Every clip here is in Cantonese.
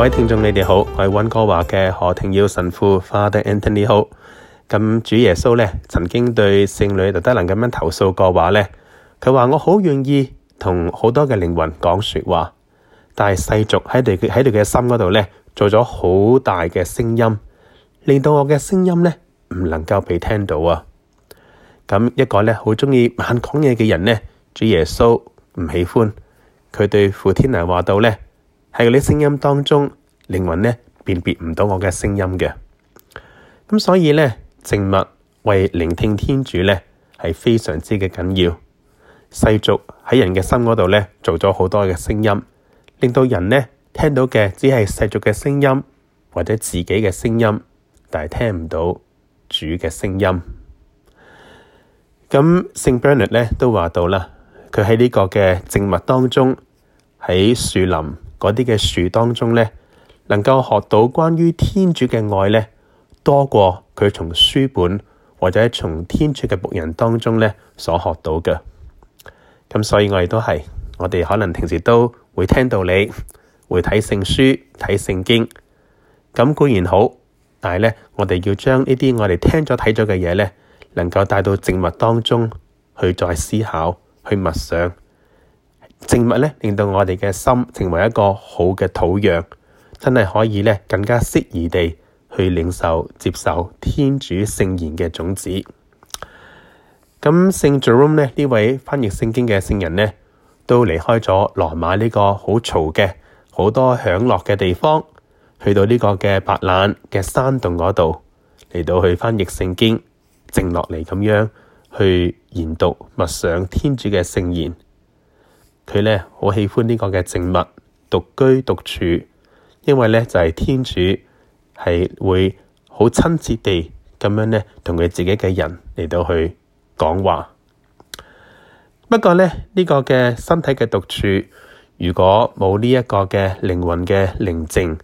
各位聽眾，你哋好，我係溫哥華嘅何廷耀神父，Father Anthony 好。咁主耶穌咧，曾經對聖女德德能咁樣投訴過話咧，佢話我好願意同好多嘅靈魂講說話，但係世俗喺佢喺佢嘅心嗰度咧，做咗好大嘅聲音，令到我嘅聲音咧唔能夠被聽到啊。咁一個咧好鍾意硬講嘢嘅人咧，主耶穌唔喜歡，佢對傅天南話到咧。喺嗰啲聲音當中，靈魂咧辨別唔到我嘅聲音嘅。咁所以咧，靜默為聆聽天主咧，係非常之嘅緊要。世俗喺人嘅心嗰度咧，做咗好多嘅聲音，令到人咧聽到嘅只係世俗嘅聲音或者自己嘅聲音，但係聽唔到主嘅聲音。咁聖伯納德咧都話到啦，佢喺呢個嘅靜默當中喺樹林。嗰啲嘅樹當中咧，能夠學到關於天主嘅愛咧，多過佢從書本或者從天主嘅僕人當中咧所學到嘅。咁所以我哋都係，我哋可能平時都會聽到你，會睇聖書睇聖經。咁固然好，但係咧，我哋要將呢啲我哋聽咗睇咗嘅嘢咧，能夠帶到靜默當中去再思考，去默想。靜物咧，令到我哋嘅心成為一個好嘅土壤，真係可以咧更加適宜地去領受、接受天主聖言嘅種子。咁聖 Jerome 呢位翻譯聖經嘅聖人咧，都離開咗羅馬呢個好嘈嘅、好多享樂嘅地方，去到呢個嘅白蘭嘅山洞嗰度，嚟到去翻譯聖經，靜落嚟咁樣去研讀、默想天主嘅聖言。佢咧好喜歡呢個嘅靜物獨居獨處，因為咧就係、是、天主係會好親切地咁樣咧同佢自己嘅人嚟到去講話。不過咧呢、呢個嘅身體嘅獨處，如果冇呢一個嘅靈魂嘅寧靜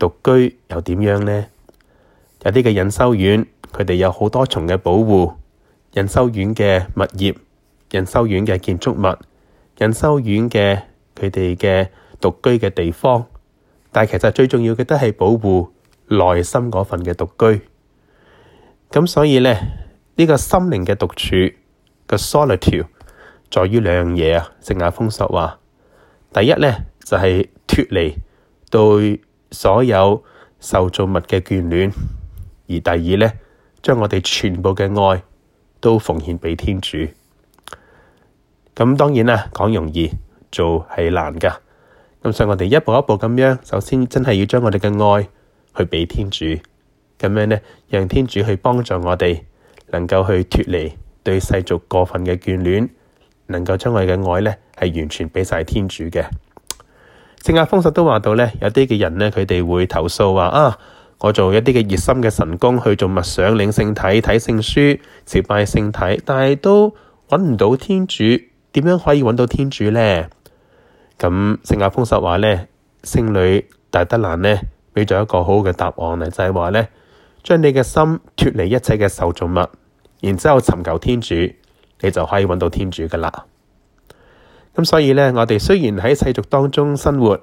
獨居，又點樣咧？有啲嘅隱修院，佢哋有好多重嘅保護，隱修院嘅物業、隱修院嘅建築物。仁修院，嘅佢哋嘅獨居嘅地方，但其實最重要嘅都係保護內心嗰份嘅獨居。咁所以咧，呢個心靈嘅獨處嘅 solitude，在於兩樣嘢啊。靜雅風說啊，第一咧就係脫離對所有受造物嘅眷戀，而第二咧，將我哋全部嘅愛都奉獻畀天主。咁當然啦，講容易做係難噶。咁所以，我哋一步一步咁樣，首先真係要將我哋嘅愛去畀天主，咁樣呢，讓天主去幫助我哋，能夠去脫離對世俗過分嘅眷戀，能夠將我哋嘅愛呢係完全畀晒天主嘅。聖亞封實都話到呢，有啲嘅人呢，佢哋會投訴話啊，我做一啲嘅熱心嘅神功，去做默想、領聖體、睇聖書、朝拜聖體，但係都揾唔到天主。點樣可以揾到天主呢？咁聖亞封實話呢，聖女大德蘭呢，畀咗一個好好嘅答案，就係、是、話呢：將你嘅心脱離一切嘅受造物，然之後尋求天主，你就可以揾到天主噶啦。咁所以呢，我哋雖然喺世俗當中生活，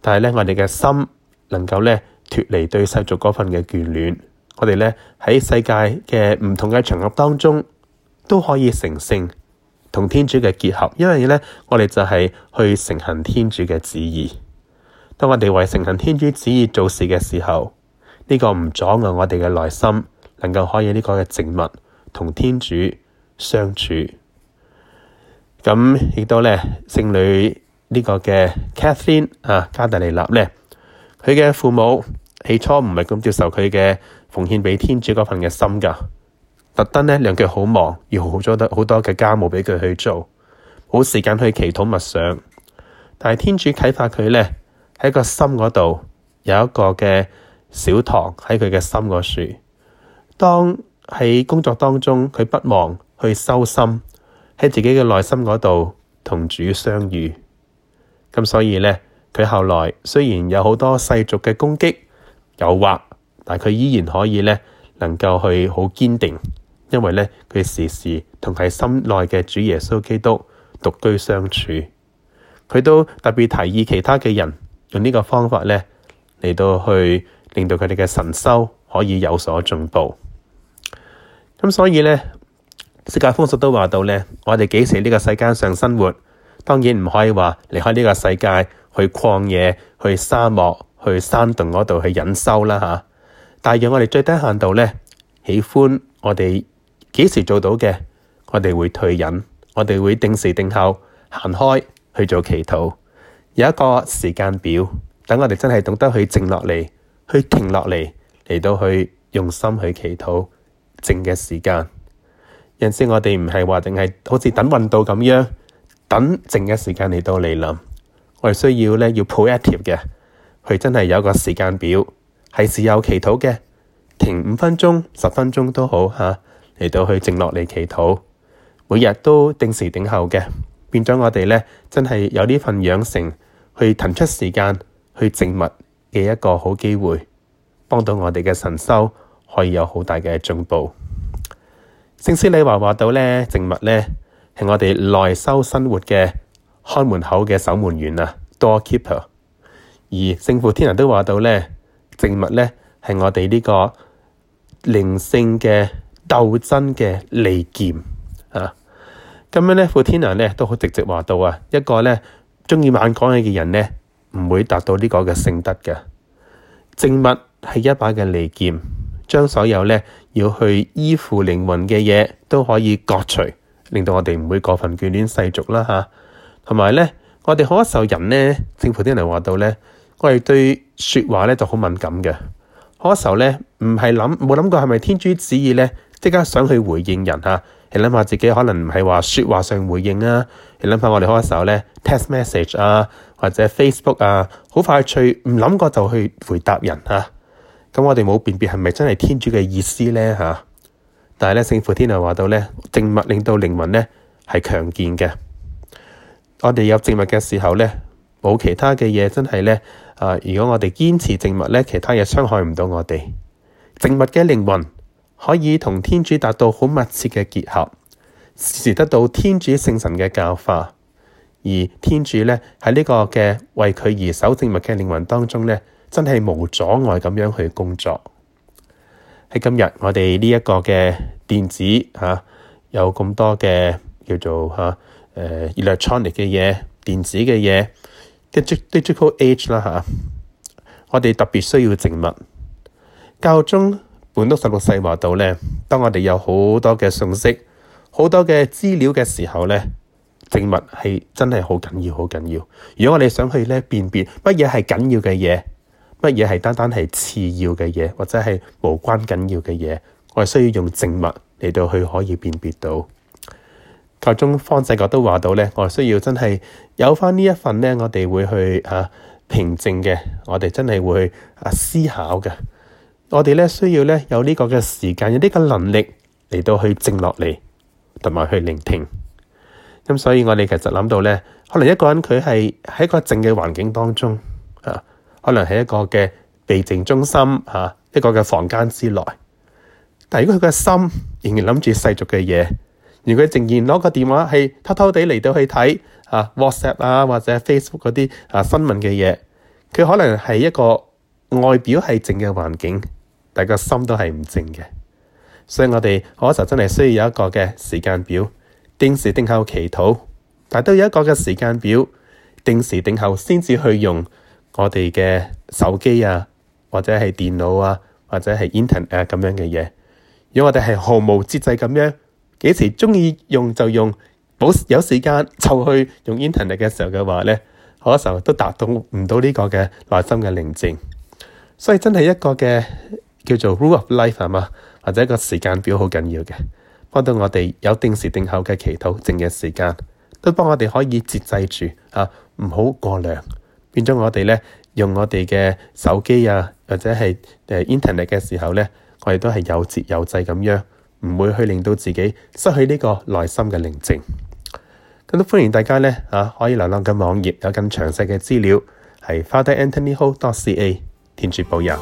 但係呢，我哋嘅心能夠咧脱離對世俗嗰份嘅眷戀，我哋呢，喺世界嘅唔同嘅場合當中都可以成聖。同天主嘅結合，因為咧，我哋就係去承行天主嘅旨意。當我哋為承行天主旨意做事嘅時候，呢、呢個唔阻礙我哋嘅內心能夠可以呢個嘅靜物同天主相處。咁亦都咧，聖女呢個嘅 Catherine 啊，加大利納咧，佢嘅父母起初唔係咁接受佢嘅奉獻畀天主嗰份嘅心噶。特登呢令佢好忙，要好多好多嘅家務畀佢去做，冇時間去祈禱默想。但係天主啟發佢呢，喺個心嗰度有一個嘅小堂喺佢嘅心嗰處。當喺工作當中佢不忘去修心，喺自己嘅內心嗰度同主相遇。咁所以呢，佢後來雖然有好多世俗嘅攻擊、誘惑，但係佢依然可以呢能夠去好堅定。因為咧佢時時同佢心內嘅主耶穌基督獨居相處，佢都特別提議其他嘅人用呢個方法咧嚟到去令到佢哋嘅神修可以有所進步。咁所以咧，釋迦佛說都話到咧，我哋幾時呢個世界上生活，當然唔可以話離開呢個世界去曠野、去沙漠、去山洞嗰度去隱修啦吓。但係讓我哋最低限度咧，喜歡我哋。幾時做到嘅，我哋會退隱，我哋會定時定候行開去做祈禱，有一個時間表。等我哋真係懂得去靜落嚟，去停落嚟嚟到去用心去祈禱靜嘅時間。有陣時我哋唔係話淨係好似等運到咁樣，等靜嘅時間嚟到嚟臨。我哋需要咧要 proactive 嘅，佢真係有一個時間表係時候祈禱嘅，停五分鐘、十分鐘都好吓。啊嚟到去靜落嚟祈禱，每日都定時定候嘅，變咗我哋咧，真係有呢份養成去騰出時間去靜物嘅一個好機會，幫到我哋嘅神修可以有好大嘅進步。聖師你話話到咧，靜物咧係我哋內修生活嘅開門口嘅守門員啊，doorkeeper。而聖父天人都話到咧，靜物咧係我哋呢個靈性嘅鬥爭嘅利劍啊！咁樣呢，傅天良呢都好直接話到啊。一個呢中意猛講嘢嘅人呢，唔會達到呢個嘅聖德嘅。靜物係一把嘅利劍，將所有呢要去依附靈魂嘅嘢都可以割除，令到我哋唔會過分眷戀世俗啦。吓、啊，同埋呢，我哋可受人呢，正傅天良話到呢，我哋對說話呢就好敏感嘅。可受呢，唔係諗冇諗過係咪天主旨意呢？即刻想去回應人吓、啊，你諗下自己可能唔係話說話上回應想想、Trans、age，啊，你諗下我哋開嘅時候咧 text message 啊或者 Facebook 啊，好快脆，唔諗過就去回答人吓。咁、啊嗯嗯、我哋冇辨別係咪真係天主嘅意思咧吓、啊。但係咧聖父天就話到咧，靜默令到靈魂咧係強健嘅。我哋有靜默嘅時候咧，冇其他嘅嘢真係咧啊！如果我哋堅持靜默咧，其他嘢傷害唔到我哋。靜默嘅靈魂。可以同天主達到好密切嘅結合，時時得到天主聖神嘅教化，而天主呢，喺呢個嘅為佢而守靜物嘅靈魂當中呢，真係無阻礙咁樣去工作。喺今日我哋呢一個嘅電子吓、啊，有咁多嘅叫做吓誒 electronic 嘅嘢、電子嘅嘢，digital age 啦、啊、吓，我哋特別需要靜物，教宗本督十六世話到咧，當我哋有好多嘅信息、好多嘅資料嘅時候咧，靜物係真係好緊要、好緊要。如果我哋想去咧辨別乜嘢係緊要嘅嘢，乜嘢係單單係次要嘅嘢，或者係無關緊要嘅嘢，我係需要用靜物嚟到去可以辨別到。教中方濟國都話到咧，我係需要真係有翻呢一份咧，我哋會去吓平靜嘅，我哋真係會啊思考嘅。我哋咧需要咧有呢個嘅時間，有呢個能力嚟到去靜落嚟，同埋去聆聽。咁、嗯、所以我哋其實諗到咧，可能一個人佢係喺個靜嘅環境當中啊，可能喺一個嘅避靜中心啊，一個嘅房間之內。但係如果佢嘅心仍然諗住世俗嘅嘢，如果佢仍然攞個電話係偷偷地嚟到去睇啊 WhatsApp 啊或者 Facebook 嗰啲啊新聞嘅嘢，佢可能係一個外表係靜嘅環境。大家心都係唔靜嘅，所以我哋好多時候真係需要有一個嘅時間表，定時定候祈禱。但係都有一個嘅時間表，定時定候先至去用我哋嘅手機啊，或者係電腦啊，或者係 Internet 啊咁樣嘅嘢。如果我哋係毫無節制咁樣幾時鍾意用就用，冇有時間就去用 Internet 嘅時候嘅話咧，好多時候都達到唔到呢個嘅內心嘅寧靜。所以真係一個嘅叫做 rule of life 啊嘛，或者一個時間表好緊要嘅，幫到我哋有定時定候嘅祈禱靜嘅時間，都幫我哋可以節制住吓，啊，唔好過量，變咗我哋咧用我哋嘅手機啊，或者係誒 internet 嘅時候咧，我哋都係有節有制咁樣，唔會去令到自己失去呢個內心嘅寧靜。咁都歡迎大家咧吓，啊，可以瀏覽緊網頁有更詳細嘅資料，係 fatheranthonyhall.ca 天主保佑。